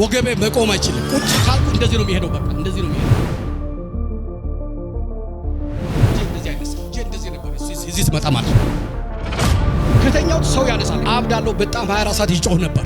ወገቤ መቆም አይችልም። ቁጭ ካልኩ እንደዚህ ነው የሚሄደው። በቃ እንደዚህ ነው የሚሄደው። እዚህ ትመጣ ማለት ነው። ከተኛው ሰው ያነሳል። አብዳለሁ። በጣም 24 ሰዓት ይጮህ ነበር።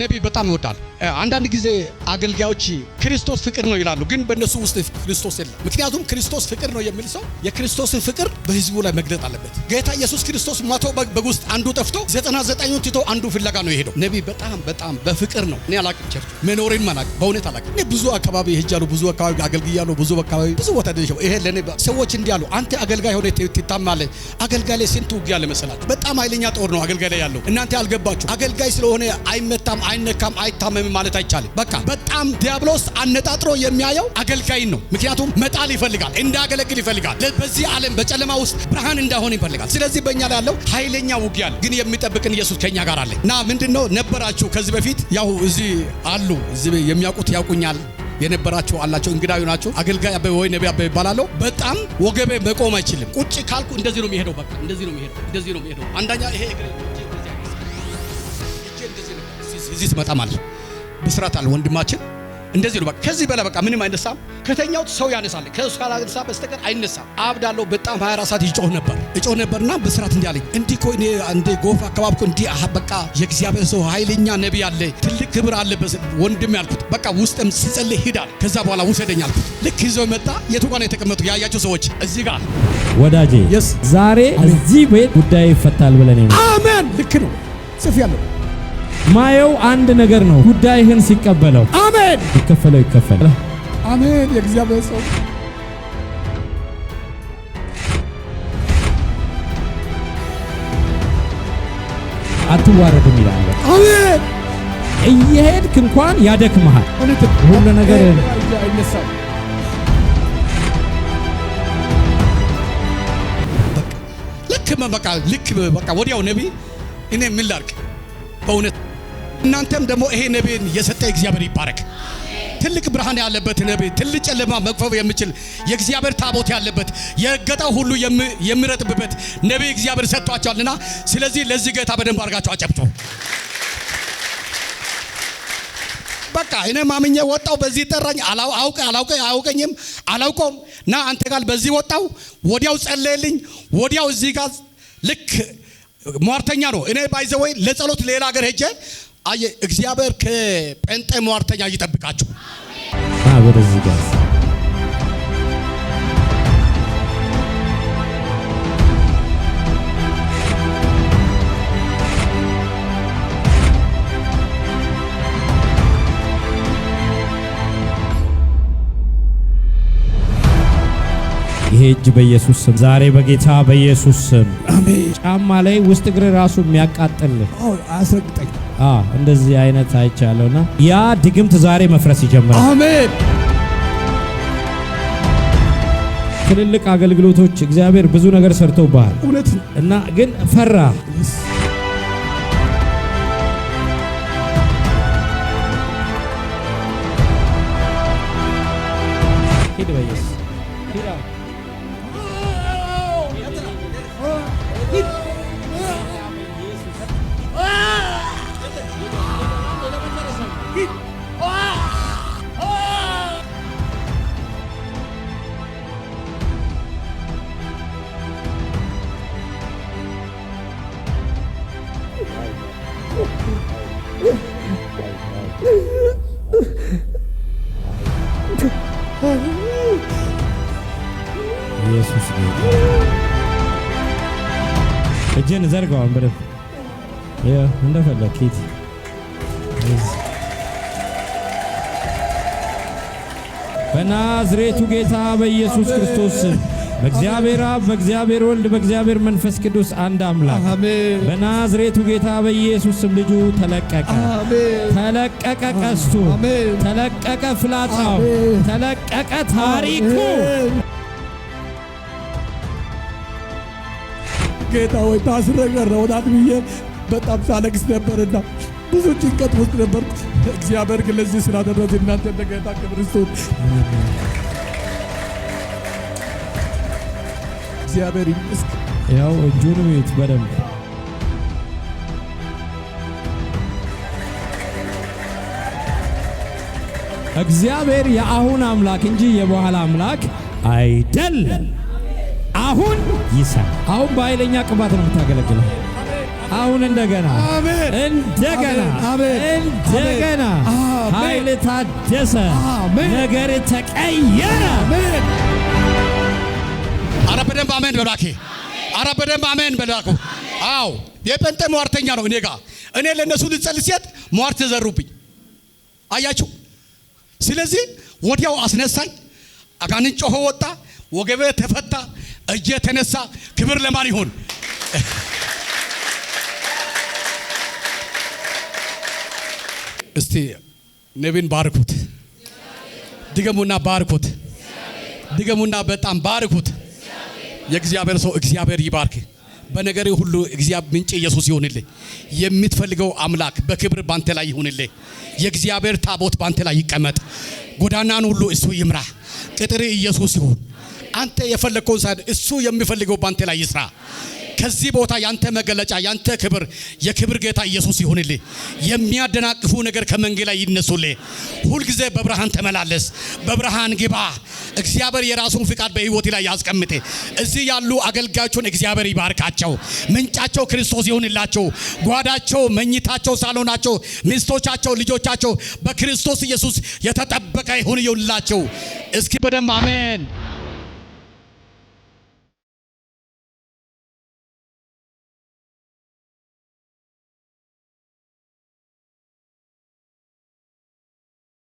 ነቢይ በጣም ይወዳል። አንዳንድ ጊዜ አገልጋዮች ክርስቶስ ፍቅር ነው ይላሉ፣ ግን በእነሱ ውስጥ ክርስቶስ የለም። ምክንያቱም ክርስቶስ ፍቅር ነው የሚል ሰው የክርስቶስን ፍቅር በህዝቡ ላይ መግለጥ አለበት። ጌታ ኢየሱስ ክርስቶስ መቶ በግ ውስጥ አንዱ ጠፍቶ ዘጠና ዘጠኙን ትቶ አንዱ ፍለጋ ነው የሄደው። ነቢ በጣም በጣም በፍቅር ነው። እኔ አላቅም ቸርች መኖሬን አላቅም፣ በእውነት አላቅም። እኔ ብዙ አካባቢ ሄጃለሁ፣ ብዙ አካባቢ አገልግያለሁ፣ ብዙ አካባቢ ብዙ ቦታ ደሸ ይሄ ለእኔ ሰዎች እንዲህ አሉ፣ አንተ አገልጋይ ሆነ ትታማለ። አገልጋይ ላይ ስንት ውጊያ ለመሰላችሁ። በጣም ኃይለኛ ጦር ነው አገልጋይ ላይ ያለው። እናንተ አልገባችሁ። አገልጋይ ስለሆነ አይመታም፣ አይነካም፣ አይታመም የለም ማለት አይቻልም። በቃ በጣም ዲያብሎስ አነጣጥሮ የሚያየው አገልጋይን ነው። ምክንያቱም መጣል ይፈልጋል፣ እንዳገለግል ይፈልጋል። በዚህ ዓለም በጨለማ ውስጥ ብርሃን እንዳሆን ይፈልጋል። ስለዚህ በእኛ ላይ ያለው ኃይለኛ ውጊያ ግን የሚጠብቅን ኢየሱስ ከኛ ጋር አለ እና ምንድን ነው ነበራችሁ ከዚህ በፊት ያው እዚህ አሉ እዚህ የሚያውቁት ያውቁኛል የነበራችሁ አላቸው። እንግዳዊ ናቸው። አገልጋይ አበበ ወይ ነቢ አበበ ይባላለሁ። በጣም ወገቤ መቆም አይችልም። ቁጭ ካልኩ እንደዚህ ነው የሚሄደው። በቃ እንደዚህ ነው የሚሄደው። እንደዚህ ነው የሚሄደው። አንዳኛ ይሄ እግሬ እዚህ ትመጣ ማለት ብስራት አለ ወንድማችን። እንደዚህ ነው። በቃ ከዚህ በላይ በቃ ምንም አይነሳም። ከተኛው ሰው ያነሳል፣ ከሱ ካላነሳ በስተቀር አይነሳም። አብዳለሁ በጣም 24 ሰዓት ይጮህ ነበር ይጮህ ነበርና በስራት እንዲያለኝ እንዲህ እኮ እኔ እንደ ጎፍ አካባቢ እኮ እንዲህ በቃ የእግዚአብሔር ሰው ኃይለኛ ነቢይ አለ፣ ትልቅ ክብር አለ ወንድም ያልኩት። በቃ ውስጥም ሲጸልይ ሂዳል። ከዛ በኋላ ውሰደኝ አልኩት። ልክ ይዘው መጣ። የቱ ጋር ነው የተቀመጡ ያያቸው ሰዎች? እዚህ ጋር ወዳጄ፣ ዛሬ እዚህ ቤት ጉዳይ ይፈታል ብለን አሜን። ልክ ነው ጽፍ ያለው ማየው አንድ ነገር ነው። ጉዳይህን ሲቀበለው አሜን፣ ይከፈለው ይከፈል። አሜን። የእግዚአብሔር ሰው አትዋረድም ይላል። አሜን። እየሄድክ እንኳን ያደክመሃል። ሁሉ ነገር ልክ በቃ ልክ በቃ ወዲያው ነቢ እኔ ምን ላድርግ በእውነት እናንተም ደግሞ ይሄ ነቢይን የሰጠ እግዚአብሔር ይባረክ። ትልቅ ብርሃን ያለበት ነቢይ፣ ትልቅ ጨለማ መክፈፍ የሚችል የእግዚአብሔር ታቦት ያለበት የገጣው ሁሉ የሚረጥብበት ነቢይ እግዚአብሔር ሰጥቷቸዋልና፣ ስለዚህ ለዚህ ጌታ በደንብ አድርጋቸው አጨብጡ። በቃ እኔ ማምኜ ወጣው። በዚህ ጠራኝ። አውቀ አላውቀ አያውቀኝም አላውቀውም። ና አንተ ጋር በዚህ ወጣው። ወዲያው ጸለየልኝ። ወዲያው እዚህ ጋር ልክ ሟርተኛ ነው። እኔ ባይዘወይ ለጸሎት ሌላ ሀገር ሄጄ አየ እግዚአብሔር ከጴንጤ ሟርተኛ ይጠብቃችሁ። አሜን። ይሄ እጅ በኢየሱስ ስም ዛሬ በጌታ በኢየሱስ ስም አሜን። ጫማ ላይ ውስጥ እግር ራሱ የሚያቃጥል አስረግጠኝ። እንደዚህ አይነት አይቻለውና ያ ድግምት ዛሬ መፍረስ ይጀምራል። አሜን። ትልልቅ አገልግሎቶች እግዚአብሔር ብዙ ነገር ሰርቶብሃል፣ እውነት እና ግን ፈራ እጅን ዘርጋውን በደንብ እንደፈለግ ኪት በናዝሬቱ ጌታ በኢየሱስ ክርስቶስ በእግዚአብሔር አብ በእግዚአብሔር ወልድ በእግዚአብሔር መንፈስ ቅዱስ አንድ አምላክ በናዝሬቱ ጌታ በኢየሱስ ልጁ ተለቀቀ፣ ተለቀቀ፣ ቀስቱ ተለቀቀ፣ ፍላጻው ተለቀቀ፣ ታሪኩ ጌታ ወይ ታስረገረውናት ብዬ በጣም ሳለቅስ ነበርና ብዙ ጭንቀት ውስጥ ነበር። እግዚአብሔር ግን ለዚህ ስላደረስ እናንተ እንደ ጌታ ክብር ይስጡት። እግዚአብሔር ይመስገን። ያው እጁን ቤት በደንብ እግዚአብሔር የአሁን አምላክ እንጂ የበኋላ አምላክ አይደለም። አሁን ይሰራ። አሁን በኃይለኛ ቅባት ነው የምታገለግለው። አሁን እንደገና እንደገና እንደገና ኃይል ታደሰ፣ ነገር ተቀየረ። አረ በደንብ አሜን በላኬ። አረ በደንብ አሜን በላኩ። አዎ የጴንጤ ሟርተኛ ነው። እኔ ጋ እኔ ለእነሱ ልጸል ሴት ሟርት ተዘሩብኝ። አያችሁ። ስለዚህ ወዲያው አስነሳኝ። አጋንንት ጮኸ፣ ወጣ፣ ወገቤ ተፈታ። እየተነሳ ክብር ለማን ይሆን? እስቲ ነቢን ባርኩት፣ ድገሙና ባርኩት፣ ድገሙና በጣም ባርኩት። የእግዚአብሔር ሰው እግዚአብሔር ይባርክ። በነገር ሁሉ እግዚአብሔር ምንጭ ኢየሱስ ይሁንልህ። የምትፈልገው አምላክ በክብር ባንተ ላይ ይሁንልህ። የእግዚአብሔር ታቦት ባንተ ላይ ይቀመጥ። ጎዳናን ሁሉ እሱ ይምራ። ቅጥር ኢየሱስ ይሁን። አንተ የፈለግከውን ሳይሆን እሱ የሚፈልገው ባንተ ላይ ይስራ። ከዚህ ቦታ ያንተ መገለጫ ያንተ ክብር የክብር ጌታ ኢየሱስ ይሁንልህ። የሚያደናቅፉ ነገር ከመንገድ ላይ ይነሱልህ። ሁልጊዜ በብርሃን ተመላለስ፣ በብርሃን ግባ። እግዚአብሔር የራሱን ፍቃድ በህይወት ላይ ያስቀምጥ። እዚህ ያሉ አገልጋዮቹን እግዚአብሔር ይባርካቸው። ምንጫቸው ክርስቶስ ይሁንላቸው። ጓዳቸው፣ መኝታቸው፣ ሳሎናቸው፣ ሚስቶቻቸው፣ ልጆቻቸው በክርስቶስ ኢየሱስ የተጠበቀ ይሁን ይሁንላቸው። እስኪ በደም አሜን።